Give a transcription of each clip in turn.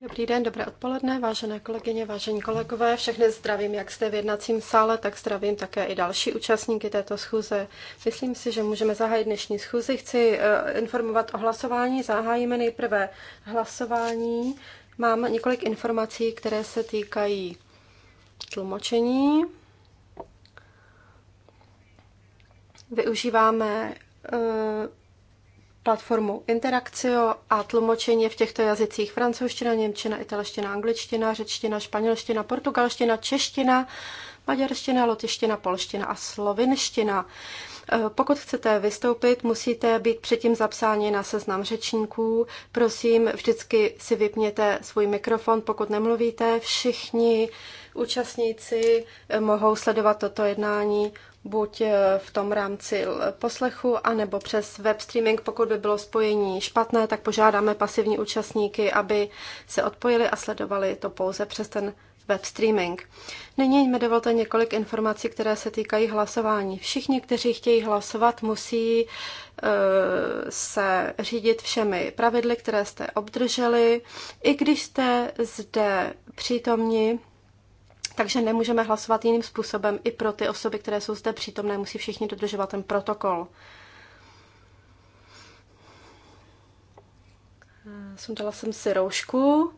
Dobrý den, dobré odpoledne, vážené kolegyně, vážení kolegové. Všechny zdravím, jak jste v jednacím sále, tak zdravím také i další účastníky této schůze. Myslím si, že můžeme zahájit dnešní schůzi. Chci eh, informovat o hlasování. Zahájíme nejprve hlasování. Mám několik informací, které se týkají tlumočení. Využíváme eh, platformu Interakcio a tlumočení v těchto jazycích francouzština, němčina, italština, angličtina, řečtina, španělština, portugalština, čeština, maďarština, lotiština, polština a slovinština. E, pokud chcete vystoupit, musíte být předtím zapsáni na seznam řečníků. Prosím, vždycky si vypněte svůj mikrofon, pokud nemluvíte. Všichni účastníci e, mohou sledovat toto jednání buď eh, v tom rámci poslechu, anebo přes web streaming. Pokud by bylo spojení špatné, tak požádáme pasivní účastníky, aby se odpojili a sledovali to pouze přes ten web streaming. Nyní mi dovolte několik informací, které se týkají hlasování. Všichni, kteří chtějí hlasovat, musí eh, se řídit všemi pravidly, které jste obdrželi. I když jste zde přítomni, takže nemůžeme hlasovat jiným způsobem. I pro ty osoby, které jsou zde přítomné, musí všichni dodržovat ten protokol. Eh, Sundala jsem si roušku,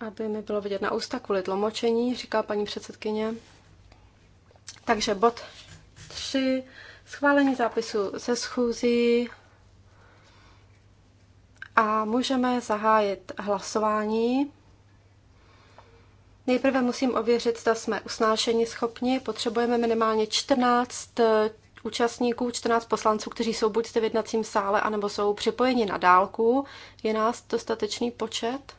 aby mi bylo vidět na ústa kvůli tlomočení, říká paní předsedkyně. Takže bod 3. Schválení zápisu ze schůzí. A můžeme zahájit hlasování. Nejprve musím ověřit, zda jsme usnášení schopni. Potřebujeme minimálně 14 eh, účastníků, 14 poslanců, kteří jsou buď v jednacím sále, anebo jsou připojeni na dálku. Je nás dostatečný počet?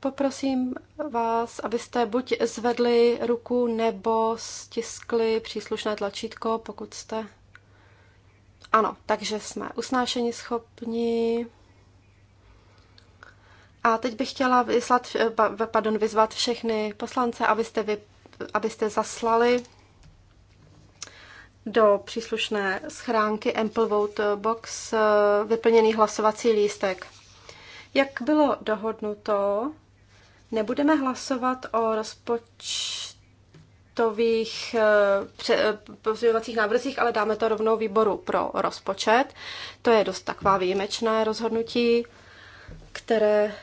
Poprosím vás, abyste buď zvedli ruku nebo stiskli příslušné tlačítko, pokud jste. Ano, takže jsme usnášení schopni. A teď bych chtěla vyslat, eh, pardon, vyzvat všechny poslance, abyste, vy, abyste zaslali do příslušné schránky Ample Vote Box eh, vyplněný hlasovací lístek. Jak bylo dohodnuto, nebudeme hlasovat o rozpočtových eh, pozměňovacích návrzích, ale dáme to rovnou výboru pro rozpočet. To je dost taková výjimečné rozhodnutí, které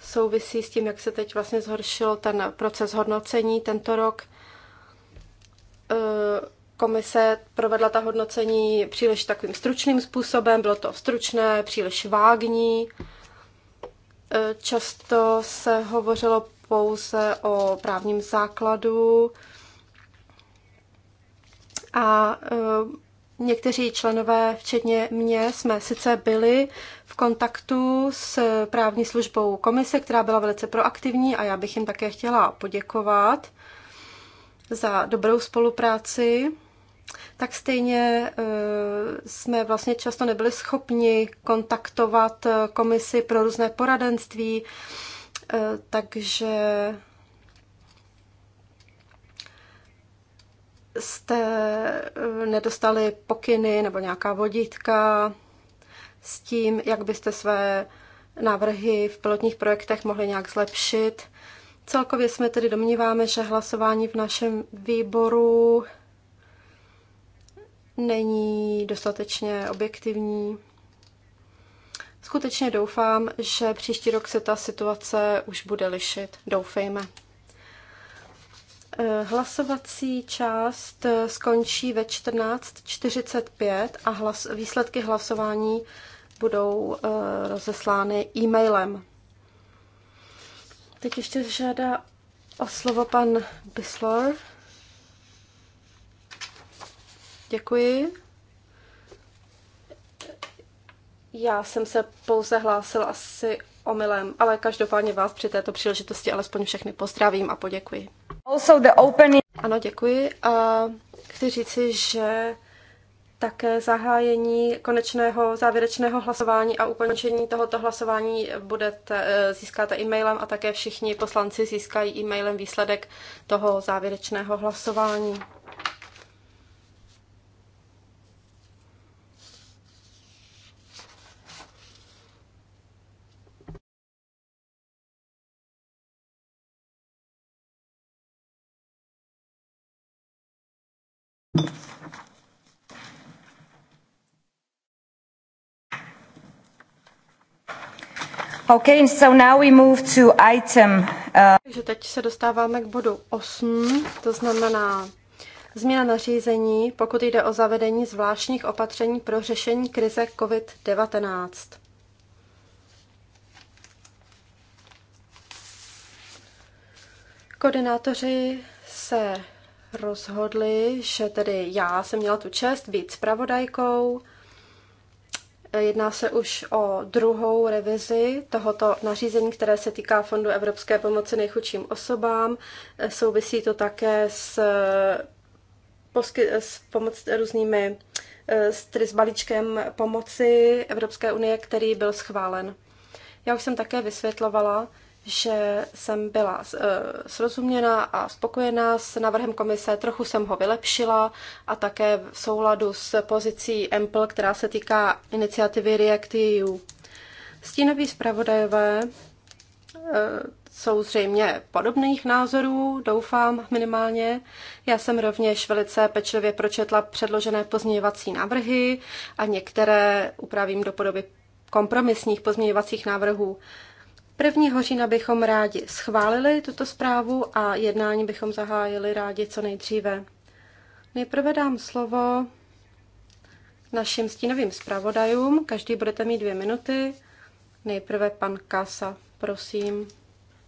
souvisí s tím, jak se teď vlastně zhoršil ten proces hodnocení tento rok. E, komise provedla ta hodnocení příliš takovým stručným způsobem, bylo to stručné, příliš vágní. E, často se hovořilo pouze o právním základu a e, Někteří členové, včetně mě, jsme sice byli v kontaktu s právní službou komise, která byla velice proaktivní a já bych jim také chtěla poděkovat za dobrou spolupráci, tak stejně e, jsme vlastně často nebyli schopni kontaktovat komisi pro různé poradenství, e, takže jste eh, nedostali pokyny nebo nějaká vodítka s tím, jak byste své návrhy v pilotních projektech mohli nějak zlepšit. Celkově jsme tedy domníváme, že hlasování v našem výboru není dostatečně objektivní. Skutečně doufám, že příští rok se ta situace už bude lišit. Doufejme. Eh, hlasovací část eh, skončí ve 14.45 a hlas, výsledky hlasování budou eh, rozeslány e-mailem. Teď ještě žádá o slovo pan Bislor. Děkuji. Já jsem se pouze hlásil asi omylem, ale každopádně vás při této příležitosti alespoň všechny pozdravím a poděkuji. Also the opening... Ano, děkuji. A chci říci, že také zahájení konečného závěrečného hlasování a ukončení tohoto hlasování budete, eh, získáte e-mailem a také všichni poslanci získají e-mailem výsledek toho závěrečného hlasování. so now we move to item. Uh... Takže teď se dostáváme k bodu 8, to znamená změna nařízení, pokud jde o zavedení zvláštních opatření pro řešení krize COVID-19. Koordinátoři se rozhodli, že tedy já jsem měla tu čest být zpravodajkou Jedná se už o druhou revizi tohoto nařízení, které se týká Fondu Evropské pomoci nejchudším osobám. Souvisí to také s, posky, s pomoc různými eh, s balíčkem pomoci Evropské unie, který byl schválen. Já už jsem také vysvětlovala, že jsem byla eh, srozuměna a spokojená s návrhem komise, trochu jsem ho vylepšila a také v souladu s pozicí EMPL, která se týká iniciativy REACT-EU. Stínoví zpravodajové eh, jsou zřejmě podobných názorů, doufám minimálně. Já jsem rovněž velice pečlivě pročetla předložené pozměňovací návrhy a některé upravím do podoby kompromisních pozměňovacích návrhů. 1. října bychom rádi schválili tuto zprávu a jednání bychom zahájili rádi co nejdříve. Nejprve dám slovo našim stínovým zpravodajům. Každý budete mít dvě minuty. Nejprve pan Kasa, prosím.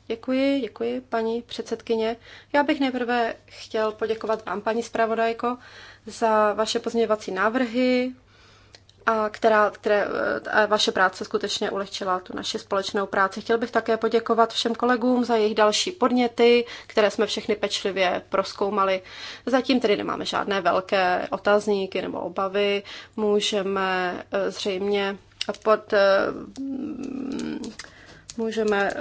Děkuji, děkuji, paní předsedkyně. Já bych nejprve chtěl poděkovat vám, paní zpravodajko, za vaše pozměňovací návrhy, a která, které, eh, a vaše práce skutečně ulehčila tu naši společnou práci. Chtěl bych také poděkovat všem kolegům za jejich další podněty, které jsme všechny pečlivě proskoumali. Zatím tedy nemáme žádné velké otazníky nebo obavy. Můžeme eh, zřejmě pod... Eh, můžeme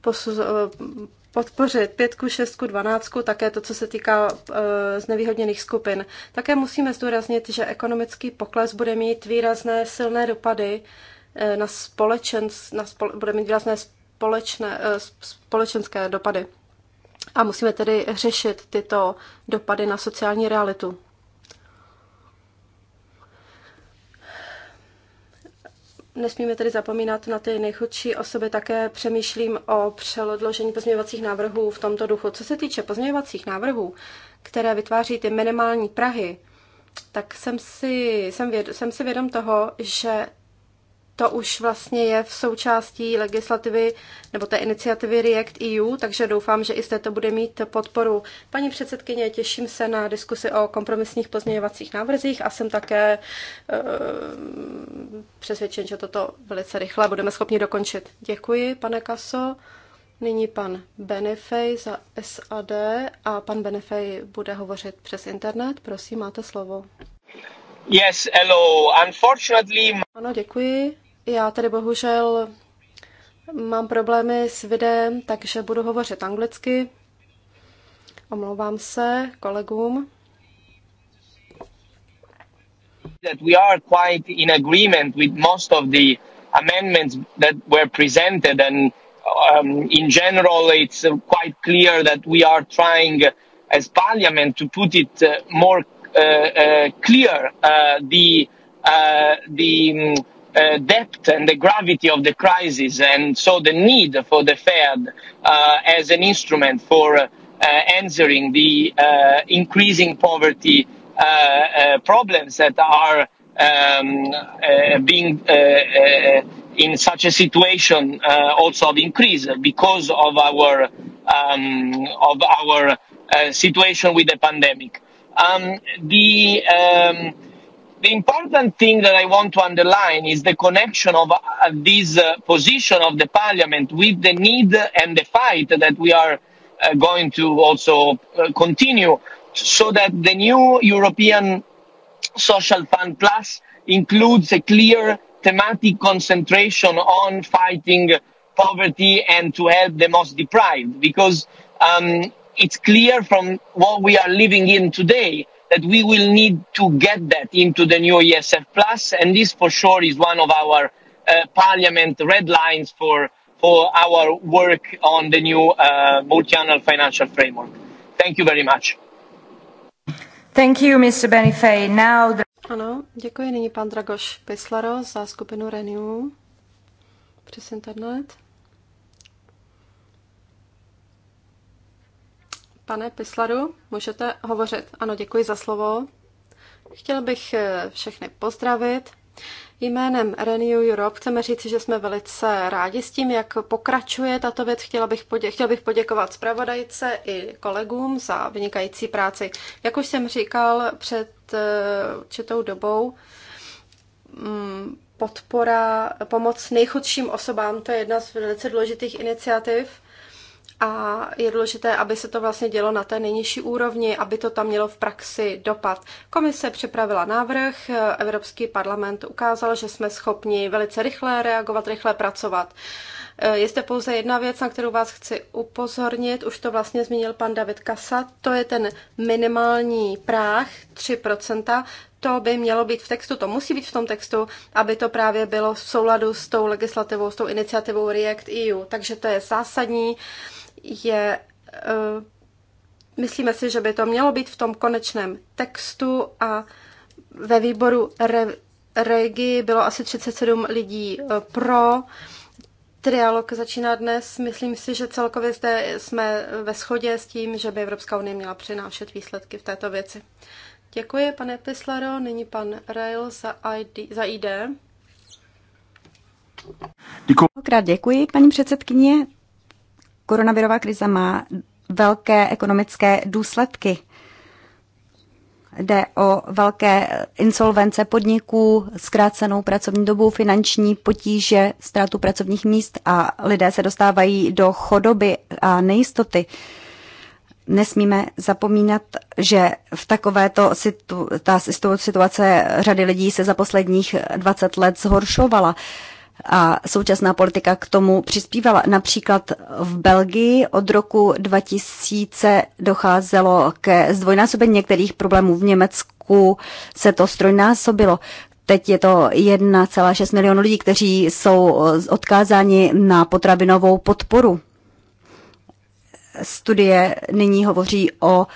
posuz, podpořit pětku, šestku, dvanáctku, také to, co se týká e, znevýhodněných skupin. Také musíme zdůraznit, že ekonomický pokles bude mít výrazné silné dopady e, na společens, na spole, bude mít výrazné společné, e, společenské dopady. A musíme tedy řešit tyto dopady na sociální realitu. Nesmíme tedy zapomínat na ty nejchudší osoby. Také přemýšlím o přelodložení pozměňovacích návrhů v tomto duchu. Co se týče pozměňovacích návrhů, které vytváří ty minimální Prahy, tak jsem si, jsem, věd, jsem si vědom toho, že to už vlastně je v součástí legislativy nebo té iniciativy React EU, takže doufám, že i zde to bude mít podporu. Paní předsedkyně, těším se na diskusi o kompromisních pozměňovacích návrzích a jsem také e, přesvědčen, že toto velice rychle budeme schopni dokončit. Děkuji, pane Kaso. Nyní pan Benefej za SAD a pan Benefej bude hovořit přes internet. Prosím, máte slovo. Yes, hello. Unfortunately... Ano, děkuji. Já tady bohužel mám problémy s videem, takže budu hovořit anglicky. Omlouvám se kolegům. That we are quite in agreement with most of the amendments that were presented and um, in general it's quite clear that we are trying as parliament to put it uh, more uh, uh, clear uh, the uh, the um, uh, depth and the gravity of the crisis, and so the need for the Fed uh, as an instrument for uh, answering the uh, increasing poverty uh, uh, problems that are um, uh, being uh, uh, in such a situation uh, also of increase because of our um, of our uh, situation with the pandemic. Um, the um, the important thing that I want to underline is the connection of uh, this uh, position of the parliament with the need and the fight that we are uh, going to also uh, continue so that the new European Social Fund Plus includes a clear thematic concentration on fighting poverty and to help the most deprived because um, it's clear from what we are living in today that we will need to get that into the new ESF plus, and this for sure is one of our uh, parliament red lines for for our work on the new uh, multi-annual financial framework. Thank you very much. Thank you, Mr. Benifei. Now the... Ano, děkuji. Nyní pan Dragoš Pislaro za skupinu Renew. Přes internet. Pane Pislaru, můžete hovořit. Ano, děkuji za slovo. Chtěl bych eh, všechny pozdravit. Jménem Renew Europe chceme říct, že jsme velice rádi s tím, jak pokračuje tato věc. Chtěla bych podě- chtěl bych poděkovat zpravodajce i kolegům za vynikající práci. Jak už jsem říkal před eh, určitou dobou, mm, podpora, pomoc nejchudším osobám, to je jedna z velice důležitých iniciativ a je důležité, aby se to vlastně dělo na té nejnižší úrovni, aby to tam mělo v praxi dopad. Komise připravila návrh, Evropský parlament ukázal, že jsme schopni velice rychle reagovat, rychle pracovat. Je zde pouze jedna věc, na kterou vás chci upozornit, už to vlastně zmínil pan David Kasa, to je ten minimální práh 3%, to by mělo být v textu, to musí být v tom textu, aby to právě bylo v souladu s tou legislativou, s tou iniciativou React EU. Takže to je zásadní. Uh, je, eh, myslíme si, že by to mělo být v tom konečném textu a ve výboru re, regi bylo asi 37 lidí eh, pro. Trialog začíná dnes. Myslím si, že celkově zde jsme ve shodě s tím, že by Evropská unie měla přinášet výsledky v této věci. Děkuji, pane Pislaro. Nyní pan Rail za, ID, za ID. Děkuji. děkuji, paní předsedkyně koronavirová krize má velké ekonomické důsledky. Jde o velké insolvence podniků, zkrácenou pracovní dobu, finanční potíže, ztrátu pracovních míst a lidé se dostávají do chodoby a nejistoty. Nesmíme zapomínat, že v takovéto situ- ta situace řady lidí se za posledních 20 let zhoršovala. Uh, a současná politika k tomu přispívala. Například v Belgii od roku 2000 docházelo ke zdvojnásobení některých problémů. V Německu se to strojnásobilo. Teď je to 1,6 milionu lidí, kteří jsou odkázáni na potravinovou podporu. Studie nyní hovoří o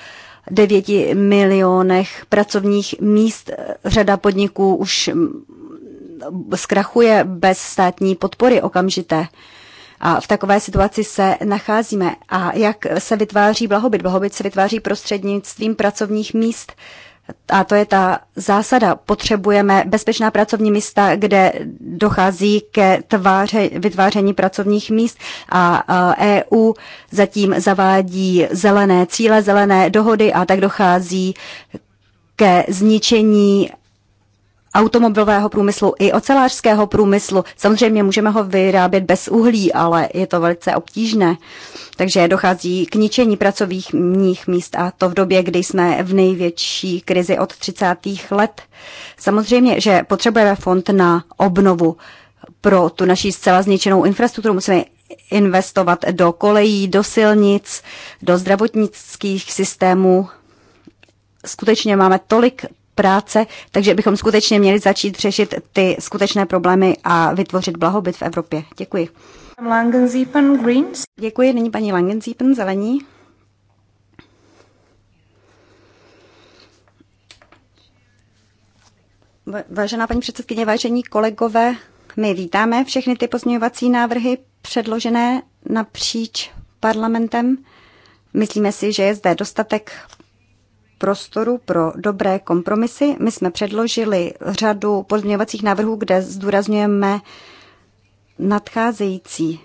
9 milionech pracovních míst. Řada podniků už zkrachuje bez státní podpory okamžité. A v takové situaci se nacházíme. A jak se vytváří blahobyt? Blahobyt se vytváří prostřednictvím pracovních míst. A to je ta zásada. Potřebujeme bezpečná pracovní místa, kde dochází ke tváře, vytváření pracovních míst a EU zatím zavádí zelené cíle, zelené dohody a tak dochází ke zničení automobilového průmyslu i ocelářského průmyslu. Samozřejmě můžeme ho vyrábět bez uhlí, ale je to velice obtížné. Takže dochází k ničení pracovních míst a to v době, kdy jsme v největší krizi od 30. let. Samozřejmě, že potřebujeme fond na obnovu pro tu naší zcela zničenou infrastrukturu. Musíme investovat do kolejí, do silnic, do zdravotnických systémů. Skutečně máme tolik práce, takže bychom skutečně měli začít řešit ty skutečné problémy a vytvořit blahobyt v Evropě. Děkuji. Děkuji, nyní paní Langensiepen, zelení. Vážená paní předsedkyně, vážení kolegové, my vítáme všechny ty pozměňovací návrhy předložené napříč parlamentem. Myslíme si, že je zde dostatek prostoru pro dobré kompromisy. My jsme předložili řadu pozměňovacích návrhů, kde zdůrazňujeme nadcházející.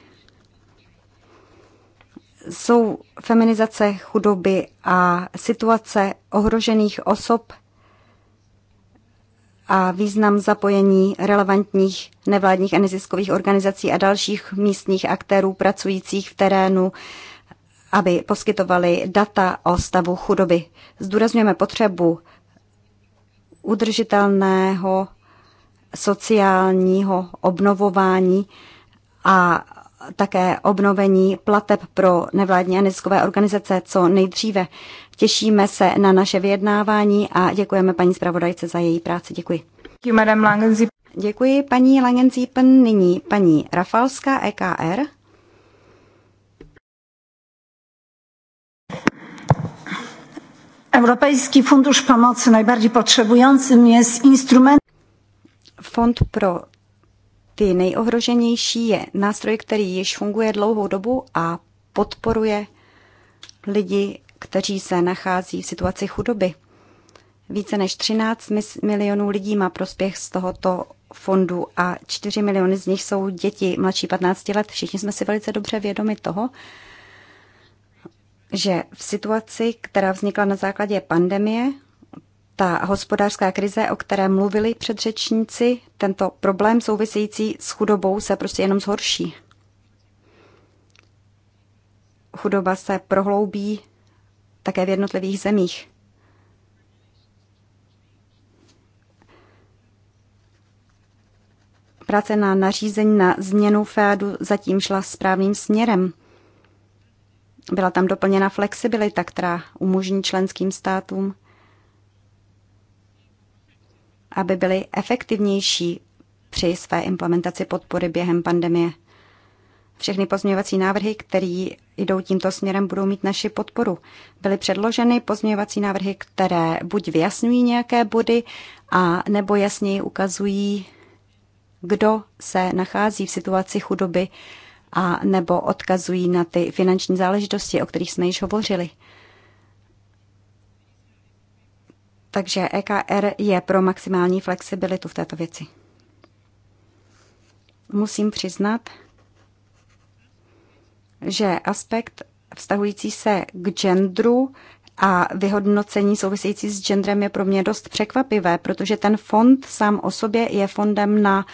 Jsou feminizace chudoby a situace ohrožených osob a význam zapojení relevantních nevládních a neziskových organizací a dalších místních aktérů pracujících v terénu aby poskytovali data o stavu chudoby. Zdůrazňujeme potřebu udržitelného sociálního obnovování a také obnovení plateb pro nevládní a neziskové organizace co nejdříve. Těšíme se na naše vyjednávání a děkujeme paní zpravodajce za její práci. Děkuji. Děkuji, paní Langenzípen. Nyní paní Rafalská, EKR. Evropský Fundusz Pomocy najbardziej potrzebującym jest instrument. Fond pro ty nejohroženější je nástroj, který již funguje dlouhou dobu a podporuje lidi, kteří se nachází v situaci chudoby. Více než 13 milionů lidí má prospěch z tohoto fondu a 4 miliony z nich jsou děti mladší 15 let. Všichni jsme si velice dobře vědomi toho, že v situaci, která vznikla na základě pandemie, ta hospodářská krize, o které mluvili předřečníci, tento problém související s chudobou se prostě jenom zhorší. Chudoba se prohloubí také v jednotlivých zemích. Práce na nařízení na změnu FEADu zatím šla správným směrem. Byla tam doplněna flexibilita, která umožní členským státům, aby byly efektivnější při své implementaci podpory během pandemie. Všechny pozměňovací návrhy, které jdou tímto směrem, budou mít naši podporu. Byly předloženy pozměňovací návrhy, které buď vyjasňují nějaké body, a nebo jasněji ukazují, kdo se nachází v situaci chudoby a nebo odkazují na ty finanční záležitosti, o kterých jsme již hovořili. Takže EKR je pro maximální flexibilitu v této věci. Musím přiznat, že aspekt vztahující se k genderu a vyhodnocení související s genderem je pro mě dost překvapivé, protože ten fond sám o sobě je fondem na uh,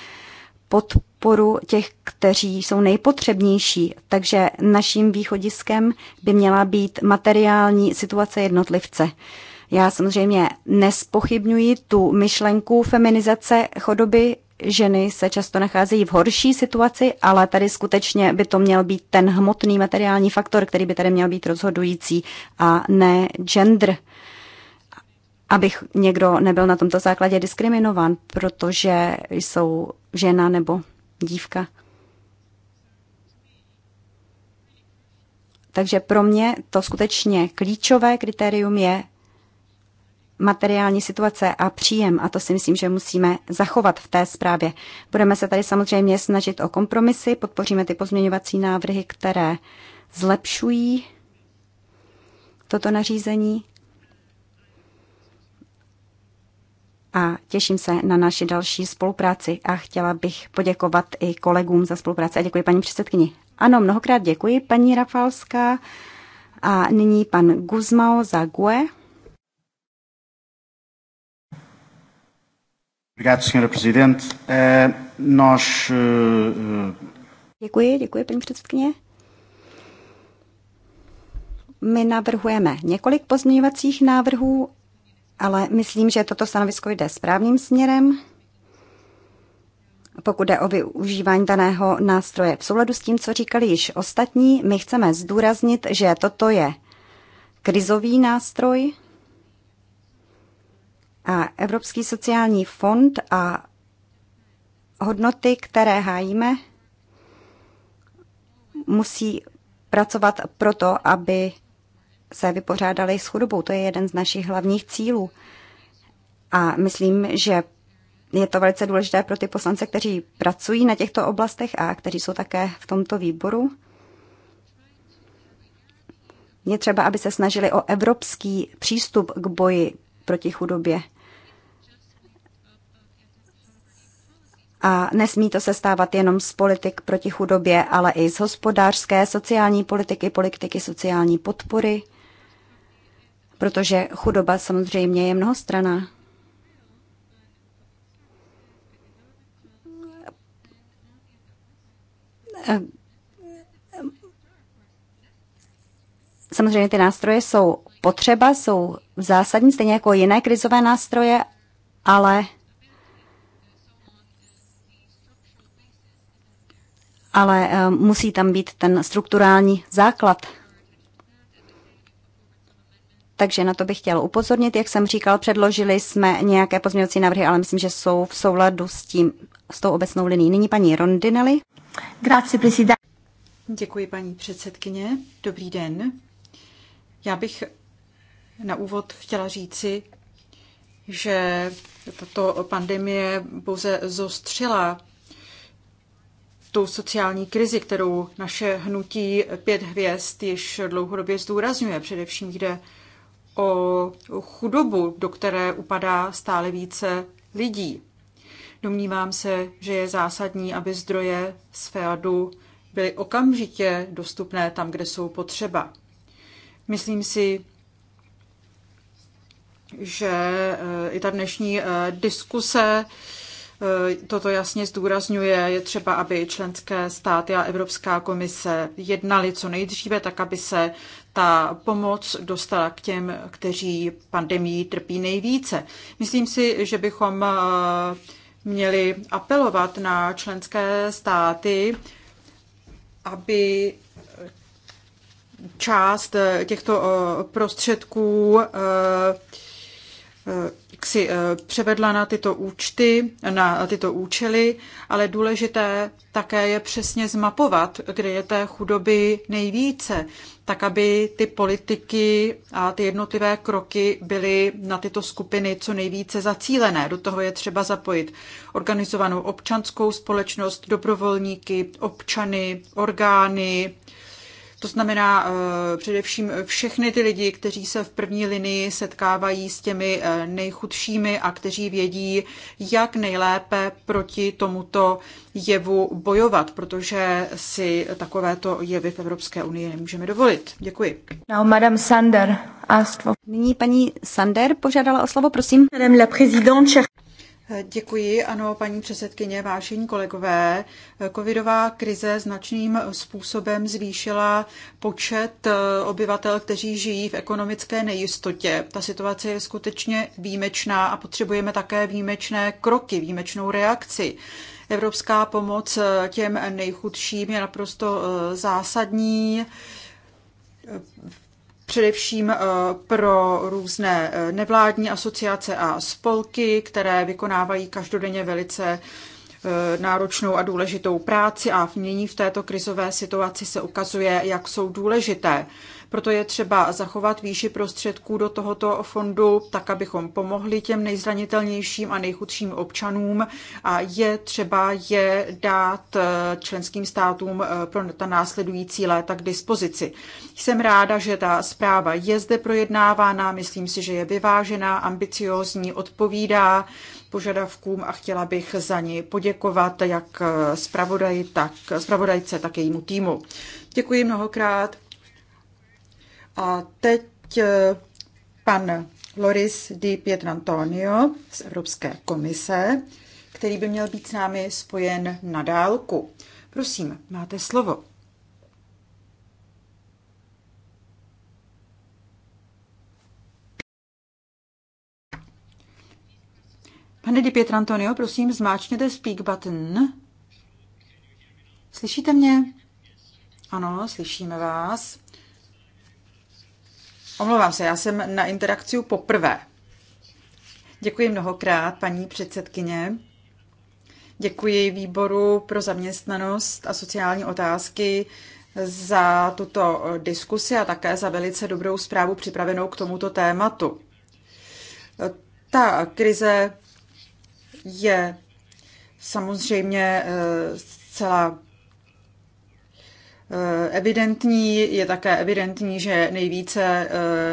podporu těch, kteří jsou nejpotřebnější. Takže naším východiskem by měla být materiální situace jednotlivce. Já samozřejmě nespochybňuji tu myšlenku feminizace chodoby. Ženy se často nacházejí v horší situaci, ale tady skutečně by to měl být ten hmotný materiální faktor, který by tady měl být rozhodující a ne gender abych někdo nebyl na tomto základě diskriminován, protože jsou žena nebo dívka. Takže pro mě to skutečně klíčové kritérium je materiální situace a příjem a to si myslím, že musíme zachovat v té zprávě. Budeme se tady samozřejmě snažit o kompromisy, podpoříme ty pozměňovací návrhy, které zlepšují toto nařízení a těším se na naši další spolupráci a chtěla bych poděkovat i kolegům za spolupráci a děkuji paní předsedkyni. Ano, mnohokrát děkuji paní Rafalská a nyní pan Guzmao za GUE. Eh, eh, eh, děkuji, děkuji, paní předsedkyně. My navrhujeme několik pozměňovacích návrhů ale myslím, že toto stanovisko jde správným směrem, pokud jde o využívání daného nástroje. V souladu s tím, co říkali již ostatní, my chceme zdůraznit, že toto je krizový nástroj a Evropský sociální fond a hodnoty, které hájíme, musí pracovat proto, aby se vypořádali s chudobou. To je jeden z našich hlavních cílů. A myslím, že je to velice důležité pro ty poslance, kteří pracují na těchto oblastech a kteří jsou také v tomto výboru. Je třeba, aby se snažili o evropský přístup k boji proti chudobě. A nesmí to se stávat jenom z politik proti chudobě, ale i z hospodářské, sociální politiky, politiky sociální podpory protože chudoba samozřejmě je mnohostraná. Samozřejmě ty nástroje jsou potřeba, jsou zásadní, stejně jako jiné krizové nástroje, ale ale eh, musí tam být ten strukturální základ takže na to bych chtěla upozornit. Jak jsem říkal, předložili jsme nějaké pozměňovací návrhy, ale myslím, že jsou v souladu s tím, s tou obecnou linií. Nyní paní Rondinelli. Grazie, presidente. Děkuji, paní předsedkyně. Dobrý den. Já bych na úvod chtěla říci, že tato pandemie pouze zostřila tou sociální krizi, kterou naše hnutí pět hvězd již dlouhodobě zdůrazňuje. Především jde o chudobu, do které upadá stále více lidí. Domnívám se, že je zásadní, aby zdroje z FEADu byly okamžitě dostupné tam, kde jsou potřeba. Myslím si, že eh, i ta dnešní eh, diskuse Eh, toto jasně zdůrazňuje. Je třeba, aby členské státy a Evropská komise jednali co nejdříve, tak aby se ta pomoc dostala k těm, kteří pandemii trpí nejvíce. Myslím si, že bychom eh, měli apelovat na členské státy, aby část těchto eh, prostředků Eh, si eh, převedla na tyto účty, na tyto účely, ale důležité také je přesně zmapovat, kde je té chudoby nejvíce, tak aby ty politiky a ty jednotlivé kroky byly na tyto skupiny co nejvíce zacílené. Do toho je třeba zapojit organizovanou občanskou společnost, dobrovolníky, občany, orgány, to znamená eh, především všechny ty lidi, kteří se v první linii setkávají s těmi eh, nejchudšími a kteří vědí, jak nejlépe proti tomuto jevu bojovat, protože si takovéto jevy v Evropské unii nemůžeme dovolit. Děkuji. Now, Madame Sander asked for... Nyní paní Sander požádala o slovo, prosím. Madame la présidente, Děkuji. Ano, paní předsedkyně, vážení kolegové, covidová krize značným způsobem zvýšila počet eh, obyvatel, kteří žijí v ekonomické nejistotě. Ta situace je skutečně výjimečná a potřebujeme také výjimečné kroky, výjimečnou reakci. Evropská pomoc eh, těm nejchudším je naprosto eh, zásadní především eh, pro různé eh, nevládní asociace a spolky, které vykonávají každodenně velice eh, náročnou a důležitou práci a v mění v této krizové situaci se ukazuje, jak jsou důležité. Proto je třeba zachovat výši prostředků do tohoto fondu, tak abychom pomohli těm nejzranitelnějším a nejchudším občanům a je třeba je dát eh, členským státům eh, pro ta následující léta k dispozici. Jsem ráda, že ta zpráva je zde projednávána, myslím si, že je vyvážená, ambiciózní, odpovídá požadavkům a chtěla bych za ní poděkovat jak eh, zpravodaj, tak, zpravodajce, tak jejímu týmu. Děkuji mnohokrát. A teď eh, pan Loris Di Pietrantonio z Evropské komise, který by měl být s námi spojen na dálku. Prosím, máte slovo. Pane Di Pietrantonio, prosím, zmáčněte speak button. Slyšíte mě? Ano, slyšíme vás. Omlouvám se, já jsem na interakci poprvé. Děkuji mnohokrát, paní předsedkyně. Děkuji výboru pro zaměstnanost a sociální otázky za tuto eh, diskusi a také za velice dobrou zprávu připravenou k tomuto tématu. Eh, ta krize je samozřejmě eh, celá Eh, evidentní. Je také evidentní, že nejvíce eh,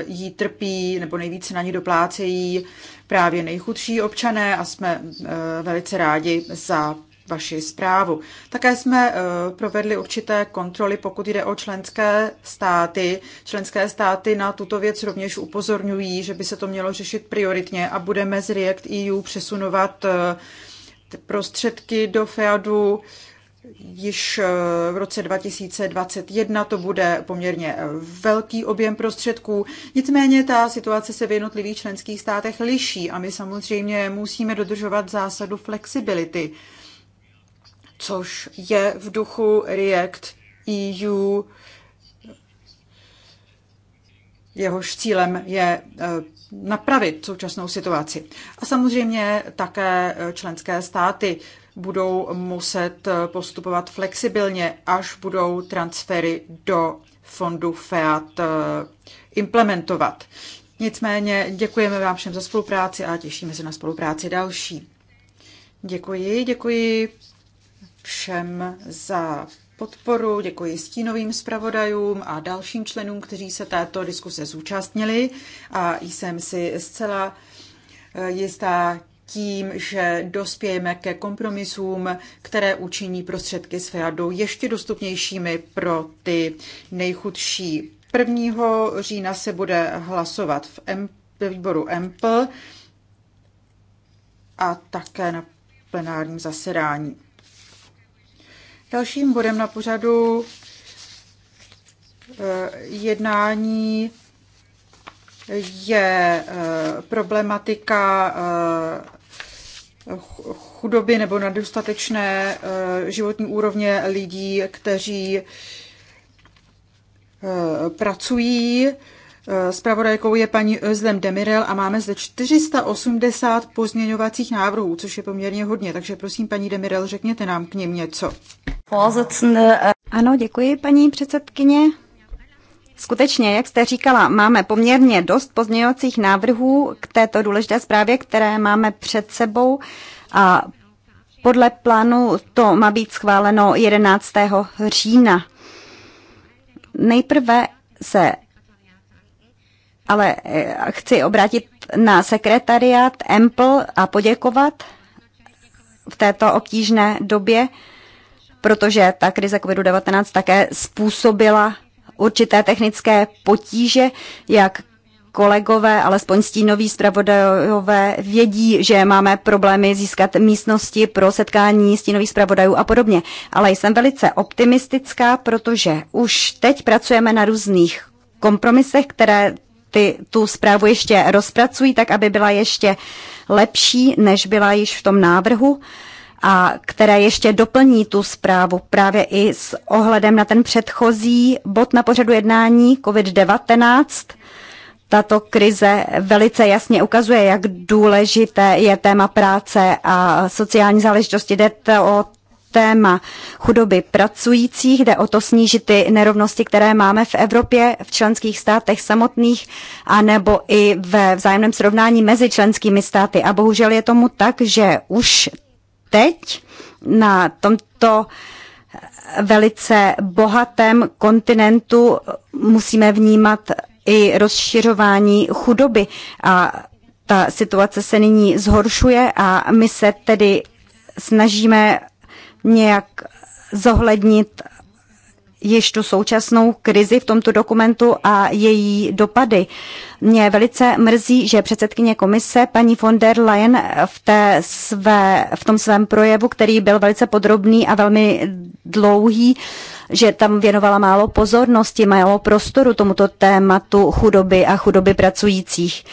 jí trpí nebo nejvíce na ní doplácejí právě nejchudší občané a jsme eh, velice rádi za vaši zprávu. Také jsme provedli určité kontroly, pokud jde o členské státy. Členské státy na tuto věc rovněž upozorňují, že by se to mělo řešit prioritně a budeme z React EU přesunovat prostředky do FEADu již eh, v roce 2021 to bude poměrně eh, velký objem prostředků. Nicméně ta situace se v jednotlivých členských státech liší a my samozřejmě musíme dodržovat zásadu flexibility, což je v duchu React EU. Jehož cílem je eh, napravit současnou situaci. A samozřejmě také členské státy budou muset postupovat flexibilně, až budou transfery do fondu FEAT eh, implementovat. Nicméně děkujeme vám všem za spolupráci a těšíme se na spolupráci další. Děkuji, děkuji všem za podporu, děkuji stínovým zpravodajům a dalším členům, kteří se této diskuse zúčastnili a jsem si zcela eh, jistá tím, že dospějeme ke kompromisům, které učiní prostředky s FEADu ještě dostupnějšími pro ty nejchudší. 1. října se bude hlasovat v M, výboru EMPL a také na plenárním zasedání. Dalším bodem na pořadu eh, jednání je eh, problematika eh, chudoby nebo nedostatečné eh, životní úrovně lidí, kteří eh, pracují. Spravodajkou eh, je paní Özlem Demirel a máme zde 480 pozměňovacích návrhů, což je poměrně hodně, takže prosím paní Demirel, řekněte nám k ním něco. Ano, děkuji paní předsedkyně. Skutečně, jak jste říkala, máme poměrně dost pozměňovacích návrhů k této důležité zprávě, které máme před sebou a podle plánu to má být schváleno 11. října. Nejprve se ale eh, chci obrátit na sekretariát EMPL a poděkovat v této obtížné době, protože ta krize COVID-19 také způsobila určité technické potíže, jak kolegové, alespoň stínoví zpravodajové, vědí, že máme problémy získat místnosti pro setkání stínových zpravodajů a podobně. Ale jsem velice optimistická, protože už teď pracujeme na různých kompromisech, které ty, tu zprávu ještě rozpracují, tak aby byla ještě lepší, než byla již v tom návrhu. Uh, a které ještě doplní tu zprávu právě i s ohledem na ten předchozí bod na pořadu jednání COVID-19. Tato krize velice jasně ukazuje, jak důležité je téma práce a sociální záležitosti. Jde o téma chudoby pracujících, jde o to snížit ty nerovnosti, které máme v Evropě, v členských státech samotných, anebo i ve vzájemném srovnání mezi členskými státy. A bohužel je tomu tak, že už teď na tomto velice bohatém kontinentu musíme vnímat i rozšiřování chudoby a ta situace se nyní zhoršuje a my se tedy snažíme nějak zohlednit již tu současnou krizi v tomto dokumentu a její dopady. Mě velice mrzí, že předsedkyně komise paní von der Leyen v, té své, v tom svém projevu, který byl velice podrobný a velmi dlouhý, že tam věnovala málo pozornosti, málo prostoru tomuto tématu chudoby a chudoby pracujících.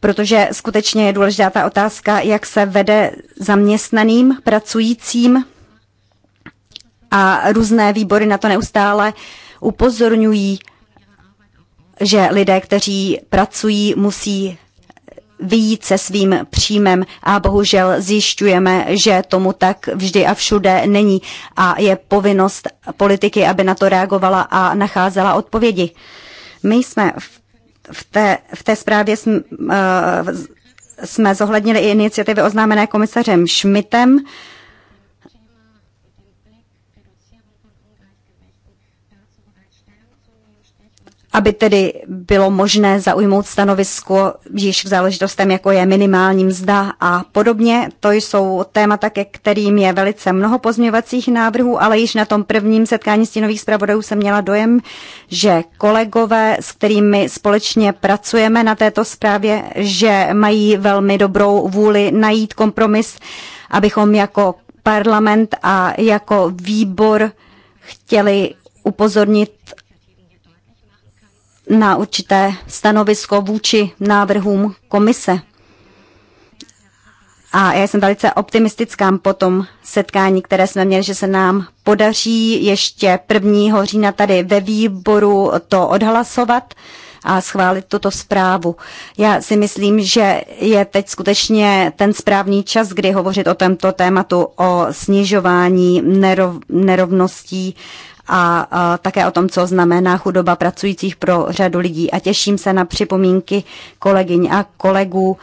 Protože skutečně je důležitá ta otázka, jak se vede zaměstnaným pracujícím a různé výbory na to neustále upozorňují, že lidé, kteří pracují, musí vyjít se svým příjmem a bohužel zjišťujeme, že tomu tak vždy a všude není a je povinnost politiky, aby na to reagovala a nacházela odpovědi. My jsme v té, v té zprávě jsme, uh, jsme zohlednili i iniciativy oznámené komisařem Schmidtem, uh, aby tedy bylo možné zaujmout stanovisko již v záležitostem, jako je minimální mzda a podobně. To jsou témata, ke kterým je velice mnoho pozměvacích návrhů, ale již na tom prvním setkání stínových zpravodajů jsem měla dojem, že kolegové, s kterými společně pracujeme na této zprávě, že mají velmi dobrou vůli najít kompromis, abychom jako parlament a jako výbor chtěli upozornit na určité stanovisko vůči návrhům komise. A já jsem velice optimistická po tom setkání, které jsme měli, že se nám podaří ještě 1. října tady ve výboru to odhlasovat a schválit tuto zprávu. Já si myslím, že je teď skutečně ten správný čas, kdy hovořit o tomto tématu, o snižování nerov, nerovností a také o tom, co znamená chudoba pracujících pro řadu lidí. A těším se na připomínky kolegyň a kolegů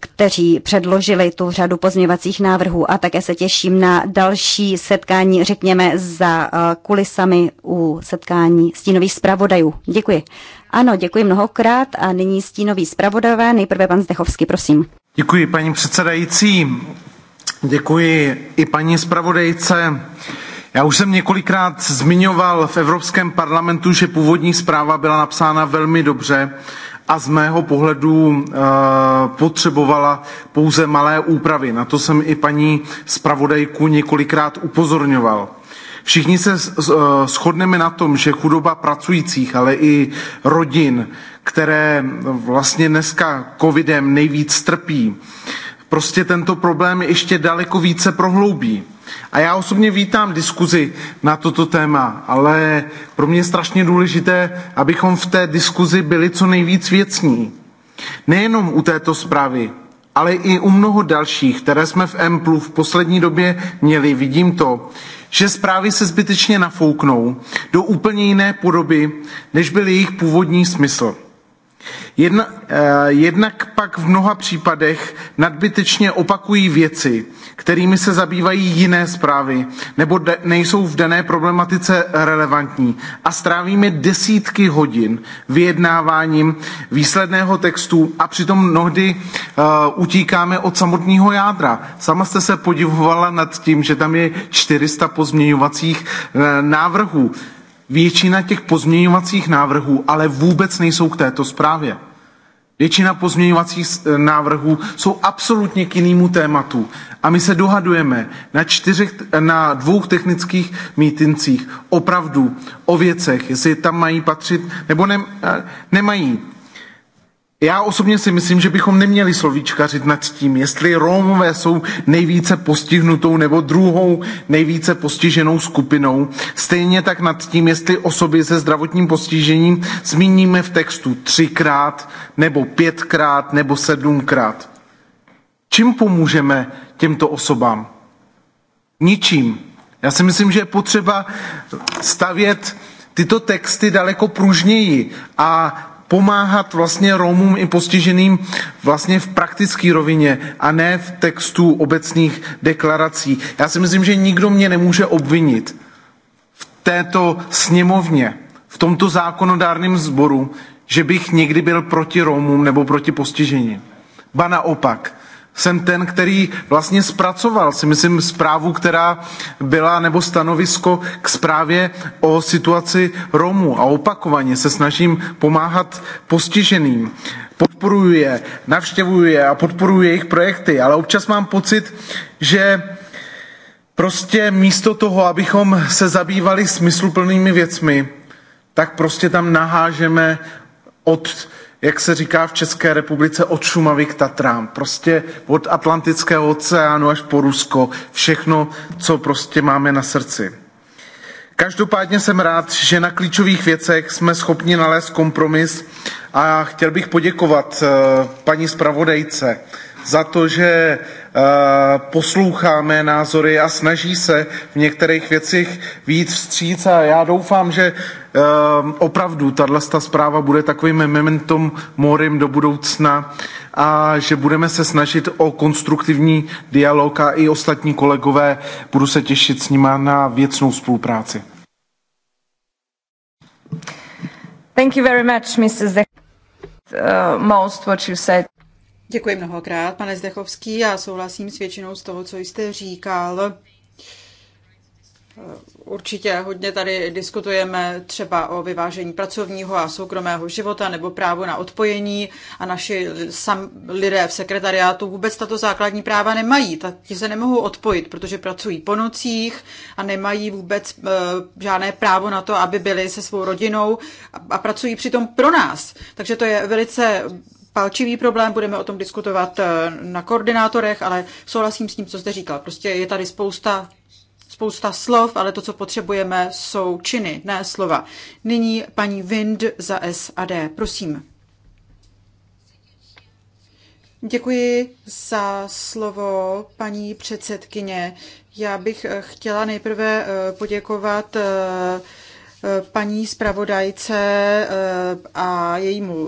kteří předložili tu řadu pozměvacích návrhů a také se těším na další setkání, řekněme, za kulisami u setkání stínových zpravodajů. Děkuji. Ano, děkuji mnohokrát a nyní stínový zpravodajové, nejprve pan Zdechovský, prosím. Děkuji, paní předsedající. Děkuji i paní zpravodajce. Já už jsem několikrát zmiňoval v Evropském parlamentu, že původní zpráva byla napsána velmi dobře a z mého pohledu e, potřebovala pouze malé úpravy. Na to jsem i paní zpravodajku několikrát upozorňoval. Všichni se eh, shodneme na tom, že chudoba pracujících, ale i rodin, které vlastně dneska covidem nejvíc trpí, prostě tento problém ještě daleko více prohloubí. A já osobně vítám diskuzi na toto téma, ale pro mě je strašně důležité, abychom v té diskuzi byli co nejvíc věcní. Nejenom u této zprávy, ale i u mnoho dalších, které jsme v M+, v poslední době měli, vidím to, že zprávy se zbytečně nafouknou do úplně jiné podoby, než byl jejich původní smysl. Jedna, eh, jednak pak v mnoha případech nadbytečně opakují věci, kterými se zabývají jiné zprávy, nebo de, nejsou v dané problematice relevantní. A strávíme desítky hodin vyjednáváním výsledného textu a přitom mnohdy eh, utíkáme od samotného jádra. Sama jste se podivovala nad tím, že tam je 400 pozměňovacích eh, návrhů. Většina těch pozměňovacích návrhů ale vůbec nejsou k této zprávě. Většina pozměňovacích eh, návrhů jsou absolutně k jinému tématu. A my se dohadujeme na, čtyřech, eh, na dvou technických mítincích opravdu o věcech, jestli tam mají patřit nebo ne, eh, nemají. Já osobně si myslím, že bychom neměli slovíčkařit nad tím, jestli Rómové jsou nejvíce postihnutou nebo druhou nejvíce postiženou skupinou. Stejně tak nad tím, jestli osoby se zdravotním postižením zmíníme v textu třikrát, nebo pětkrát, nebo sedmkrát. Čím pomůžeme těmto osobám? Ničím. Já si myslím, že je potřeba stavět tyto texty daleko pružněji a pomáhat vlastně Romům i postiženým vlastně v praktické rovině a ne v textu obecných deklarací. Já si myslím, že nikdo mě nemůže obvinit v této sněmovně, v tomto zákonodárném sboru, že bych někdy byl proti Romům nebo proti postižení. Ba naopak, jsem ten, který vlastně zpracoval, si myslím, zprávu, která byla, nebo stanovisko k zprávě o situaci Romů a opakovaně se snažím pomáhat postiženým. Podporuji je, navštěvuji je a podporuji jejich projekty, ale občas mám pocit, že prostě místo toho, abychom se zabývali smysluplnými věcmi, tak prostě tam nahážeme od jak se říká v České republice, od Šumavy k Tatrám. Prostě od Atlantického oceánu až po Rusko. Všechno, co prostě máme na srdci. Každopádně jsem rád, že na klíčových věcech jsme schopni nalézt kompromis a chtěl bych poděkovat eh, paní zpravodajce, za to, že eh, posloucháme názory a snaží se v některých věcech víc vstříc a já doufám, že eh, opravdu tato zpráva bude takovým mementom morim do budoucna a že budeme se snažit o konstruktivní dialog a i ostatní kolegové budu se těšit s nima na věcnou spolupráci. Thank you very much, Mrs. Uh, most what you said. Děkuji mnohokrát, pane Zdechovský. Já souhlasím s většinou z toho, co jste říkal. Určitě hodně tady diskutujeme třeba o vyvážení pracovního a soukromého života nebo právo na odpojení a naši sam, lidé v sekretariátu vůbec tato základní práva nemají. Ta, ti se nemohou odpojit, protože pracují po nocích a nemají vůbec e, žádné právo na to, aby byli se svou rodinou a, a pracují přitom pro nás. Takže to je velice palčivý problém, budeme o tom diskutovat eh, na koordinátorech, ale souhlasím s tím, co jste říkal. Prostě je tady spousta spousta slov, ale to, co potřebujeme, jsou činy, ne slova. Nyní paní Wind za SAD, prosím. Děkuji za slovo, paní předsedkyně. Já bych eh, chtěla nejprve eh, poděkovat paní zpravodajce a jejímu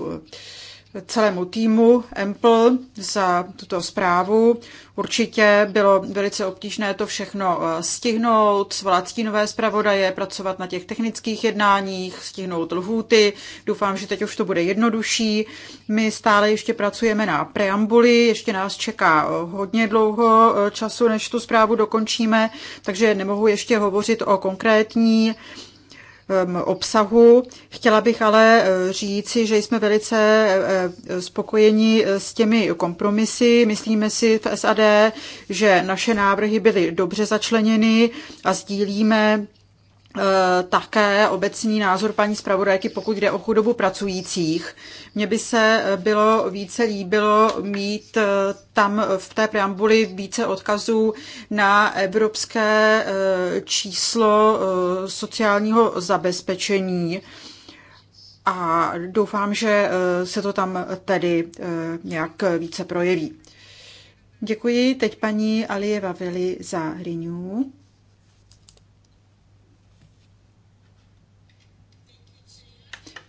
celému týmu Empl za tuto zprávu. Určitě bylo velice obtížné to všechno eh, stihnout, svolat stínové zpravodaje, pracovat na těch technických jednáních, stihnout lhůty. Doufám, že teď už to bude jednodušší. My stále ještě pracujeme na preambuli, ještě nás čeká eh, hodně dlouho eh, času, než tu zprávu dokončíme, takže nemohu ještě hovořit o konkrétní obsahu. Chtěla bych ale eh, říci, že jsme velice eh, eh, spokojeni s těmi kompromisy. Myslíme si v SAD, že naše návrhy byly dobře začleněny a sdílíme Eh, také obecný názor paní zpravodajky, pokud jde o chudobu pracujících. Mně by se eh, bylo více líbilo mít eh, tam v té preambuli více odkazů na evropské číslo sociálního zabezpečení. A doufám, že se to tam tedy nějak více projeví. Děkuji teď paní Alieva Vili za hryňu.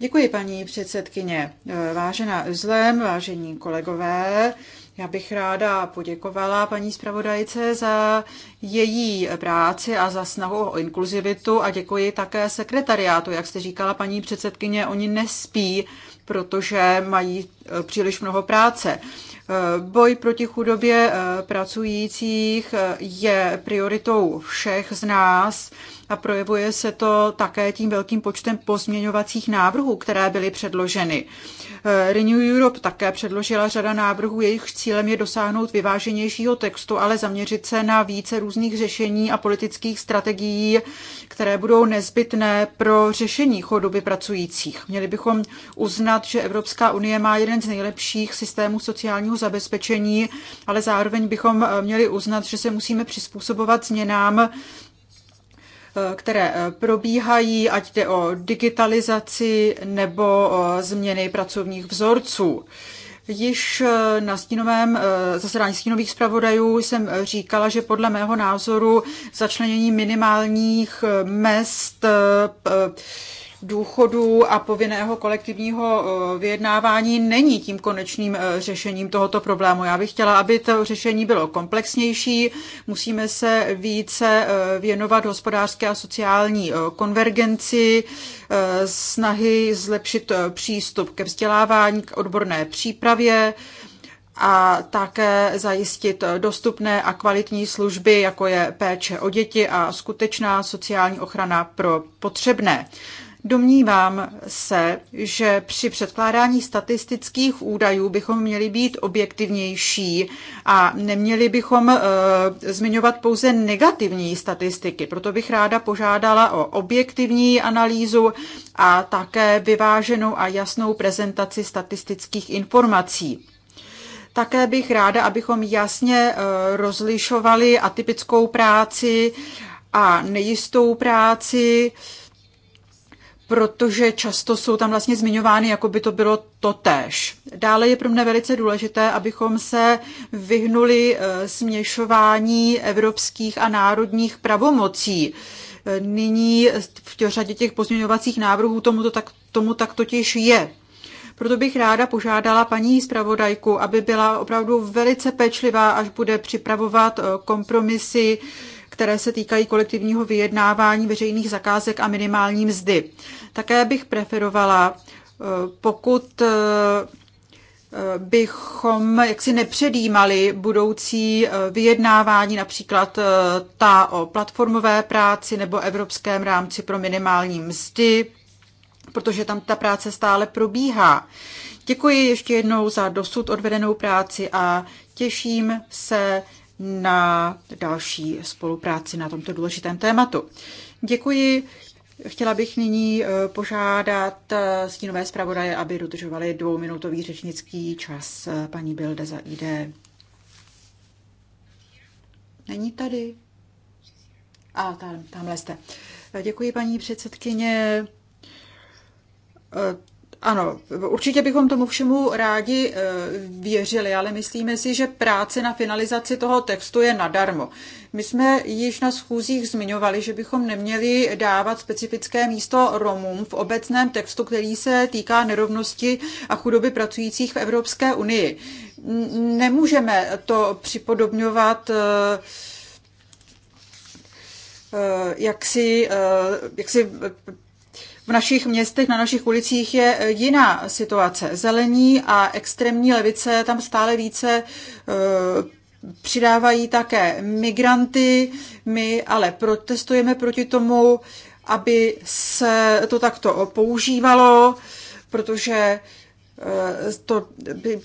Děkuji, paní předsedkyně. Eh, vážená Özlem, vážení kolegové, já bych ráda poděkovala paní zpravodajce za její práci a za snahu o inkluzivitu a děkuji také sekretariátu. Jak jste říkala, paní předsedkyně, oni nespí, protože mají eh, příliš mnoho práce. Eh, boj proti chudobě pracujících je prioritou všech z nás a projevuje se to také tím velkým počtem pozměňovacích návrhů, které byly předloženy. Eh, Renew Europe také předložila řada návrhů, jejich cílem je dosáhnout vyváženějšího textu, ale zaměřit se na více různých řešení a politických strategií, které budou nezbytné pro řešení chodoby pracujících. Měli bychom uznat, že Evropská unie má jeden z nejlepších systémů sociálního zabezpečení, ale zároveň bychom eh, měli uznat, že se musíme přizpůsobovat změnám Eh, které eh, probíhají, ať jde o digitalizaci nebo o eh, změny pracovních vzorců. Již na stínovém zasedání stínových zpravodajů jsem říkala, že podle mého názoru začlenění minimálních mest důchodů a povinného kolektivního eh, vyjednávání není tím konečným eh, řešením tohoto problému. Já bych chtěla, aby to řešení bylo komplexnější. Musíme se více eh, věnovat hospodářské a sociální konvergenci, snahy zlepšit přístup ke vzdělávání, k odborné přípravě a také zajistit dostupné a kvalitní služby, jako je péče o děti a skutečná sociální ochrana pro potřebné. Domnívám se, že při předkládání statistických údajů bychom měli být objektivnější a neměli bychom e, zmiňovat pouze negativní statistiky. Proto bych ráda požádala o objektivní analýzu a také vyváženou a jasnou prezentaci statistických informací. Také bych ráda, abychom jasně eh, rozlišovali atypickou práci a nejistou práci, protože často jsou tam vlastně zmiňovány, jako by to bylo totéž. Dále je pro mě velice důležité, abychom se vyhnuli eh, směšování evropských a národních pravomocí. Eh, nyní v řadě těch pozměňovacích návrhů tomu, to tak, tomu tak totiž je. Proto bych ráda požádala paní zpravodajku, aby byla opravdu velice pečlivá, až bude připravovat eh, kompromisy které se týkají kolektivního vyjednávání veřejných zakázek a minimální mzdy. Také bych preferovala, eh, pokud eh, eh, bychom jaksi nepředjímali budoucí vyjednávání, například ta o platformové práci nebo evropském rámci pro minimální mzdy, protože tam ta práce stále probíhá. Děkuji ještě jednou za dosud odvedenou práci a těším se na další spolupráci na tomto důležitém tématu. Děkuji. Chtěla bych nyní eh, požádat eh, stínové zpravodaje, aby dodržovali dvouminutový řečnický čas eh, paní Bilde za ID. Není tady? A tam, tamhle jste. Děkuji, paní předsedkyně. Ano, určitě bychom tomu všemu rádi eh, věřili, ale myslíme si, že práce na finalizaci toho textu je nadarmo. My jsme již na schůzích zmiňovali, že bychom neměli dávat specifické místo Romům v obecném textu, který se týká nerovnosti a chudoby pracujících v Evropské unii. Nemůžeme to připodobňovat eh, eh, jaksi, jaksi v našich městech, na našich ulicích je e, jiná situace. Zelení a extrémní levice tam stále více e, přidávají také migranty. My ale protestujeme proti tomu, aby se to takto používalo, protože Eh, to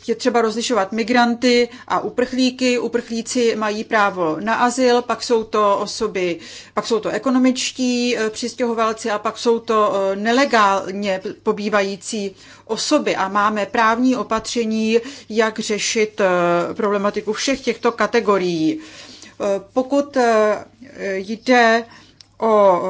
je třeba rozlišovat migranty a uprchlíky. Uprchlíci mají právo na azyl, pak jsou to osoby, pak jsou to ekonomičtí eh, přistěhovalci a pak jsou to eh, nelegálně pobývající osoby a máme právní opatření, jak řešit problematiku všech těchto kategorií. Pokud jde o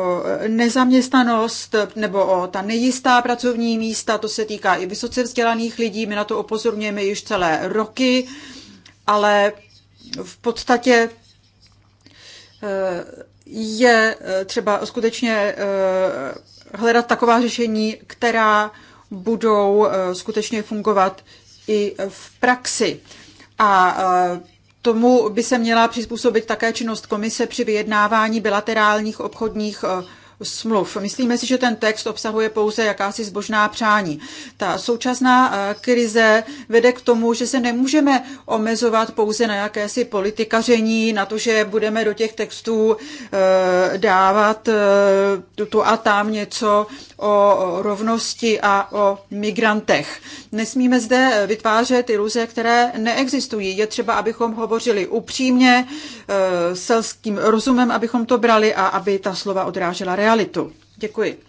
nezaměstnanost nebo o ta nejistá pracovní místa, to se týká i vysoce vzdělaných lidí, my na to opozorňujeme již celé roky, ale v podstatě e, je e, třeba skutečně e, hledat taková řešení, která budou skutečně fungovat i v praxi. A Tomu by se měla přizpůsobit také činnost komise při vyjednávání bilaterálních obchodních eh, smluv. Myslíme si, že ten text obsahuje pouze jakási zbožná přání. Ta současná eh, krize vede k tomu, že se nemůžeme omezovat pouze na jakési politikaření, na to, že budeme do těch textů eh, dávat eh, tu a tam něco o rovnosti a o migrantech. Nesmíme zde vytvářet iluze, které neexistují. Je třeba, abychom hovořili upřímně, selským rozumem, abychom to brali a aby ta slova odrážela realitu realitu. Děkuji.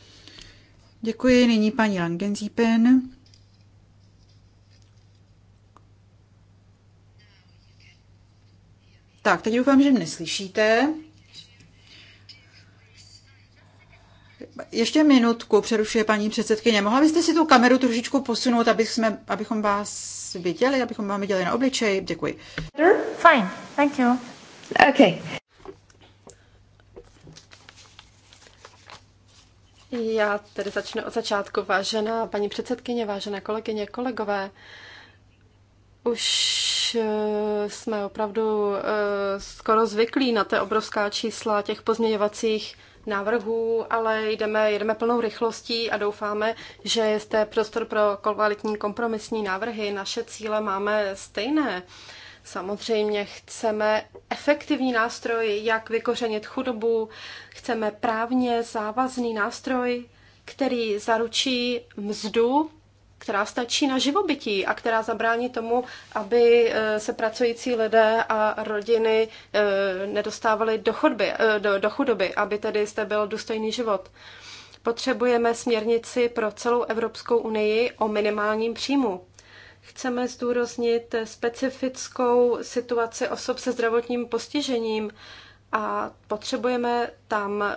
Děkuji nyní paní Langenzípen. Tak, teď doufám, že mě slyšíte. Ještě minutku přerušuje paní předsedkyně. Mohla byste si tu kameru trošičku posunout, aby jsme, abychom vás viděli, abychom vám viděli na obličej? Děkuji. Fine, thank you. Okay. Já tedy začnu od začátku. Vážená paní předsedkyně, vážené kolegyně, kolegové, už eh, jsme opravdu eh, skoro zvyklí na té obrovská čísla těch pozměňovacích návrhů, ale jdeme, jdeme plnou rychlostí a doufáme, že je zde prostor pro kvalitní kompromisní návrhy. Naše cíle máme stejné. Samozřejmě chceme efektivní nástroj, jak vykořenit chudobu, chceme právně závazný nástroj, který zaručí mzdu, která stačí na živobytí a která zabrání tomu, aby e, se pracující lidé a rodiny e, nedostávali do, chodby, e, do, do chudoby, aby tedy zde byl důstojný život. Potřebujeme směrnici pro celou Evropskou unii o minimálním příjmu Chceme zdůraznit specifickou situaci osob se zdravotním postižením a potřebujeme tam eh,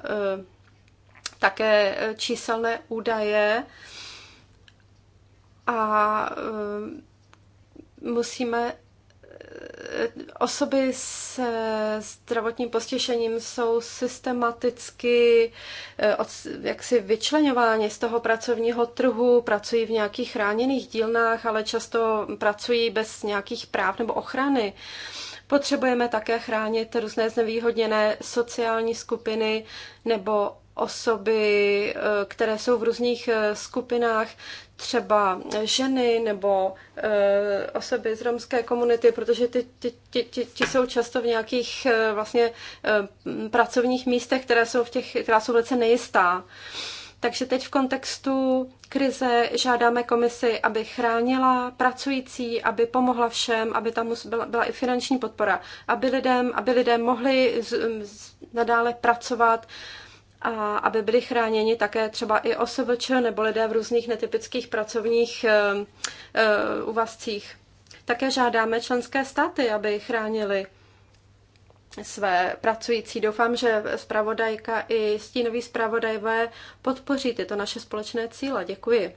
také číselné údaje a eh, musíme osoby s zdravotním postižením jsou systematicky eh, jaksi vyčlenováni z toho pracovního trhu, pracují v nějakých chráněných dílnách, ale často pracují bez nějakých práv nebo ochrany. Potřebujeme také chránit různé znevýhodněné sociální skupiny nebo osoby, eh, které jsou v různých eh, skupinách, třeba ženy nebo eh, osoby z romské komunity, protože ti, ty, ty, ty, ty jsou často v nějakých vlastně pracovních místech, které jsou v těch, která jsou velice nejistá. Takže teď v kontextu krize žádáme komisi, aby chránila pracující, aby pomohla všem, aby tam byla, byla i finanční podpora, aby lidem, aby lidé mohli z, z, nadále pracovat, uh, a aby byli chráněni také třeba i OSVČ nebo lidé v různých netypických pracovních uvazcích, eh, eh, Také žádáme členské státy, aby chránili své pracující. Doufám, že zpravodajka i stínový zpravodajové podpoří tyto naše společné cíle. Děkuji.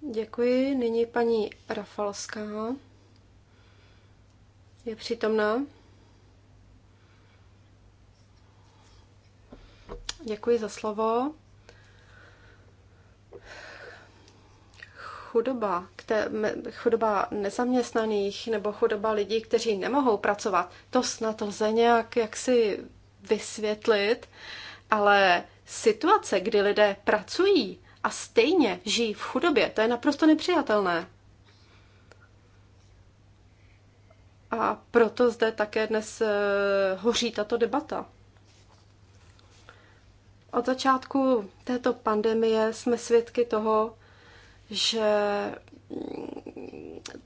Děkuji. Nyní paní Rafalská je přítomná. Děkuji za slovo. Chudoba, které, chudoba nezaměstnaných nebo chudoba lidí, kteří nemohou pracovat, to snad lze nějak jaksi vysvětlit, ale situace, kdy lidé pracují a stejně žijí v chudobě, to je naprosto nepřijatelné. A proto zde také dnes eh, hoří tato debata. Od začátku této pandemie jsme svědky toho, že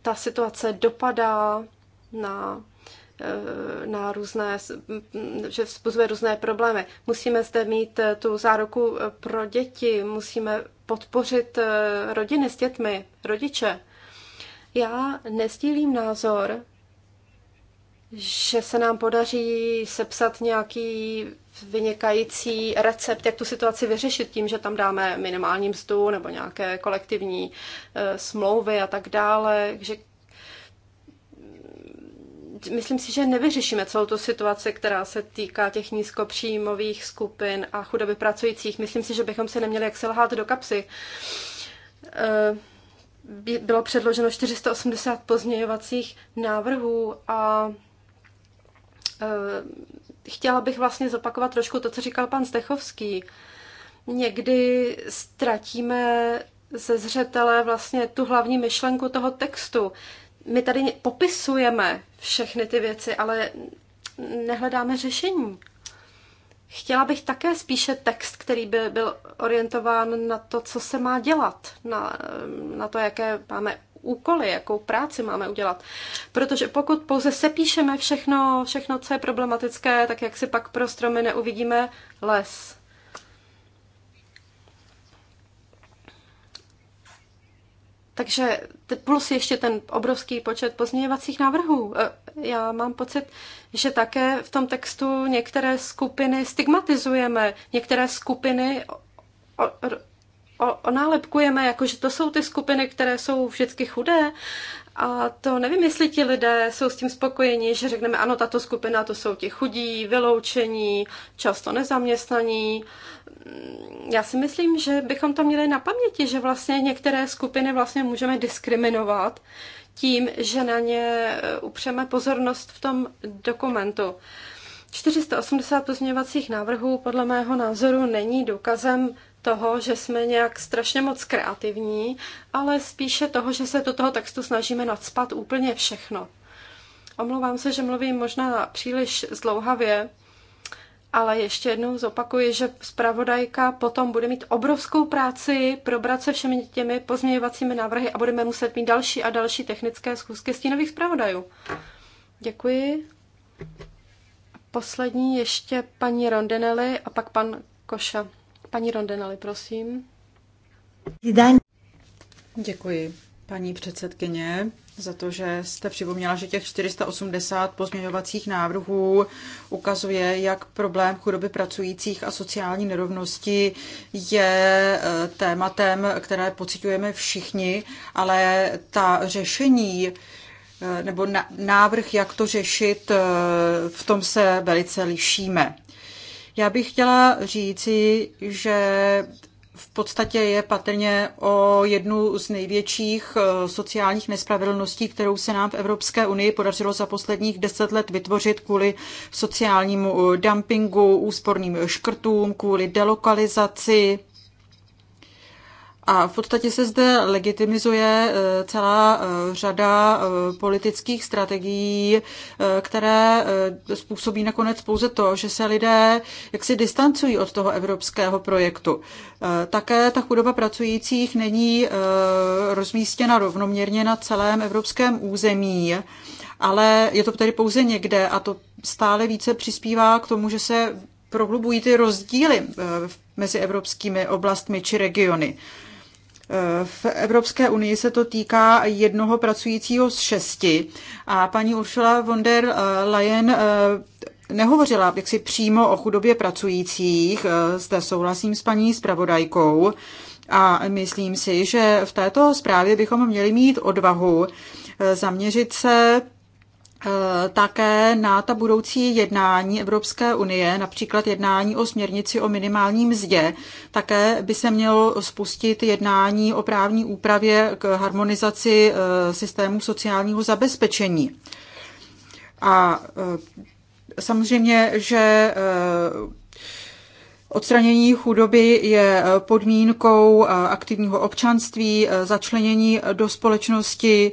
ta situace dopadá na, eh, na různé, že vzbuzuje různé problémy. Musíme zde mít eh, tu záruku eh, pro děti, musíme podpořit rodiny s dětmi, rodiče. Já nestílím názor, že se nám podaří sepsat nějaký vynikající recept, jak tu situaci vyřešit tím, že tam dáme minimální mzdu nebo nějaké kolektivní eh, smlouvy a tak dále, že myslím si, že nevyřešíme celou tu situaci, která se týká těch nízkopříjmových skupin a chudoby pracujících. Myslím si, že bychom se neměli jak selhát do kapsy. Eh, bylo předloženo 480 pozměňovacích návrhů a eh, chtěla bych vlastně zopakovat trošku to, co říkal pan Stechovský. Někdy ztratíme ze zřetele vlastně tu hlavní myšlenku toho textu. My tady popisujeme všechny ty věci, ale nehledáme řešení. Chtěla bych také spíše text, který by byl orientován na to, co se má dělat, na, na to, jaké máme úkoly, jakou práci máme udělat. Protože pokud pouze sepíšeme všechno, všechno, co je problematické, tak jak si pak pro stromy neuvidíme les. Takže plus ještě ten obrovský počet pozměňovacích návrhů. E, já mám pocit, že také v tom textu některé skupiny stigmatizujeme, některé skupiny o, onálepkujeme, jako že to jsou ty skupiny, které jsou vždycky chudé. A to nevím, jestli ti lidé jsou s tím spokojeni, že řekneme, ano, tato skupina, to jsou ti chudí, vyloučení, často nezaměstnaní. Mm, já si myslím, že bychom to měli na paměti, že vlastně některé skupiny vlastně můžeme diskriminovat tím, že na ně e, upřeme pozornost v tom dokumentu. 480 pozměňovacích návrhů podle mého názoru není důkazem toho, že jsme nějak strašně moc kreativní, ale spíše toho, že se do toho textu snažíme nadspat úplně všechno. Omlouvám se, že mluvím možná příliš zdlouhavě, ale ještě jednou zopakuji, že zpravodajka potom bude mít obrovskou práci probrat se všemi těmi pozměňovacími návrhy a budeme muset mít další a další technické schůzky stínových zpravodajů. Děkuji. Poslední ještě paní Rondinelli a pak pan Koša. Paní Rondenali, prosím. Děkuji, paní předsedkyně, za to, že jste připomněla, že těch 480 pozměňovacích návrhů ukazuje, jak problém chudoby pracujících a sociální nerovnosti je eh, tématem, které pocitujeme všichni, ale ta řešení, eh, nebo návrh, jak to řešit, eh, v tom se velice lišíme. Já bych chtěla říci, že v podstatě je patrně o jednu z největších eh, sociálních nespravedlností, kterou se nám v Evropské unii podařilo za posledních deset let vytvořit kvůli sociálnímu eh, dumpingu, úsporným škrtům, kvůli delokalizaci a v podstatě se zde legitimizuje eh, celá eh, řada eh, politických strategií, které způsobí nakonec pouze to, že se lidé jaksi distancují od toho evropského projektu. Také ta chudoba pracujících není rozmístěna rovnoměrně na celém evropském území ale je to tedy pouze někde a to stále více přispívá k tomu, že se prohlubují ty rozdíly mezi evropskými oblastmi či regiony. V Evropské unii se to týká jednoho pracujícího z šesti a paní Ursula von der Leyen eh, nehovořila si přímo o chudobě pracujících, eh, zde souhlasím s paní zpravodajkou a myslím si, že v této zprávě bychom měli mít odvahu eh, zaměřit se Eh, také na ta budoucí jednání Evropské unie, například jednání o směrnici o minimální mzdě. Také by se mělo spustit jednání o právní úpravě k harmonizaci eh, systému sociálního zabezpečení. A eh, samozřejmě, že Odstranění chudoby je podmínkou aktivního občanství, začlenění do společnosti,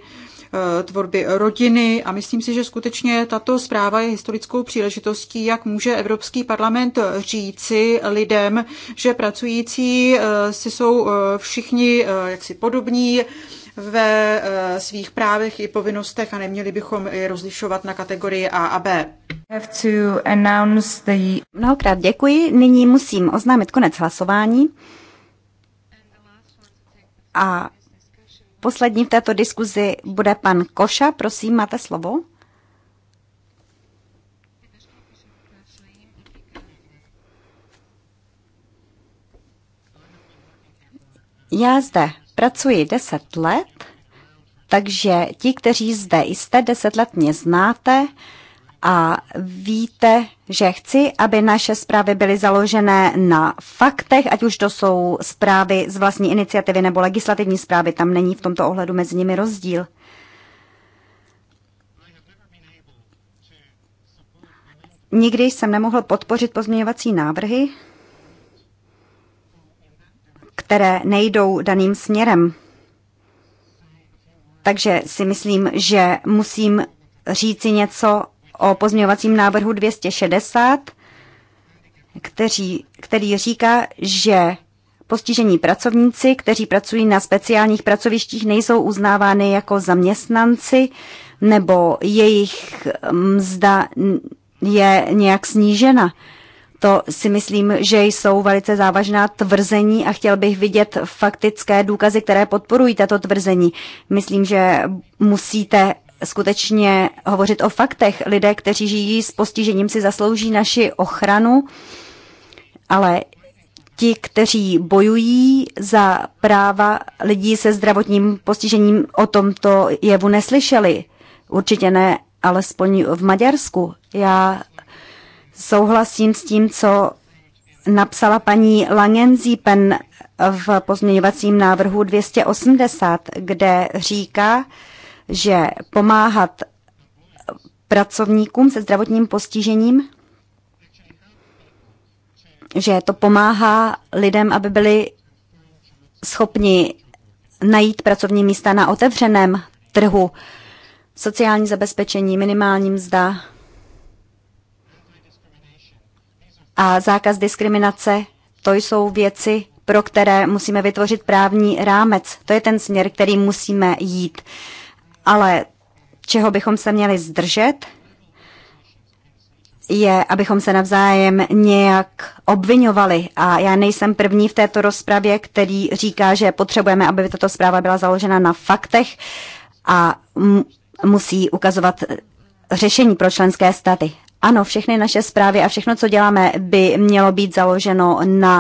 Eh, tvorby rodiny a myslím si, že skutečně tato zpráva je historickou příležitostí, jak může Evropský parlament říci lidem, že pracující eh, si jsou eh, všichni jaksi podobní, ve svých právech i povinnostech a neměli bychom je rozlišovat na kategorii A a B. The... Mnohokrát děkuji. Nyní musím oznámit konec hlasování. A Poslední v této diskuzi bude pan Koša. Prosím, máte slovo. Já zde pracuji 10 let, takže ti, kteří zde jste 10 let, mě znáte a víte, že chci, aby naše zprávy byly založené na faktech, ať už to jsou zprávy z vlastní iniciativy nebo legislativní zprávy, tam není v tomto ohledu mezi nimi rozdíl. Nikdy jsem nemohl podpořit pozměňovací návrhy, které nejdou daným směrem. Takže si myslím, že musím říci něco o pozměňovacím návrhu 260, kteří, který říká, že postižení pracovníci, kteří pracují na speciálních pracovištích, nejsou uznávány jako zaměstnanci nebo jejich mzda je nějak snížena. To si myslím, že jsou velice závažná tvrzení a chtěl bych vidět faktické důkazy, které podporují tato tvrzení. Myslím, že musíte skutečně hovořit o faktech. Lidé, kteří žijí s postižením, si zaslouží naši ochranu, ale ti, kteří bojují za práva lidí se zdravotním postižením, o tomto jevu neslyšeli. Určitě ne, alespoň v Maďarsku. Já souhlasím s tím, co napsala paní Langenzípen v pozměňovacím návrhu 280, kde říká, že pomáhat pracovníkům se zdravotním postižením, že to pomáhá lidem, aby byli schopni najít pracovní místa na otevřeném trhu, sociální zabezpečení, minimální mzda a zákaz diskriminace. To jsou věci, pro které musíme vytvořit právní rámec. To je ten směr, který musíme jít ale čeho bychom se měli zdržet, je, abychom se navzájem nějak obvinovali. A já nejsem první v této rozpravě, který říká, že potřebujeme, aby tato zpráva byla založena na faktech a musí ukazovat řešení pro členské státy. Ano, všechny naše zprávy a všechno, co děláme, by mělo být založeno na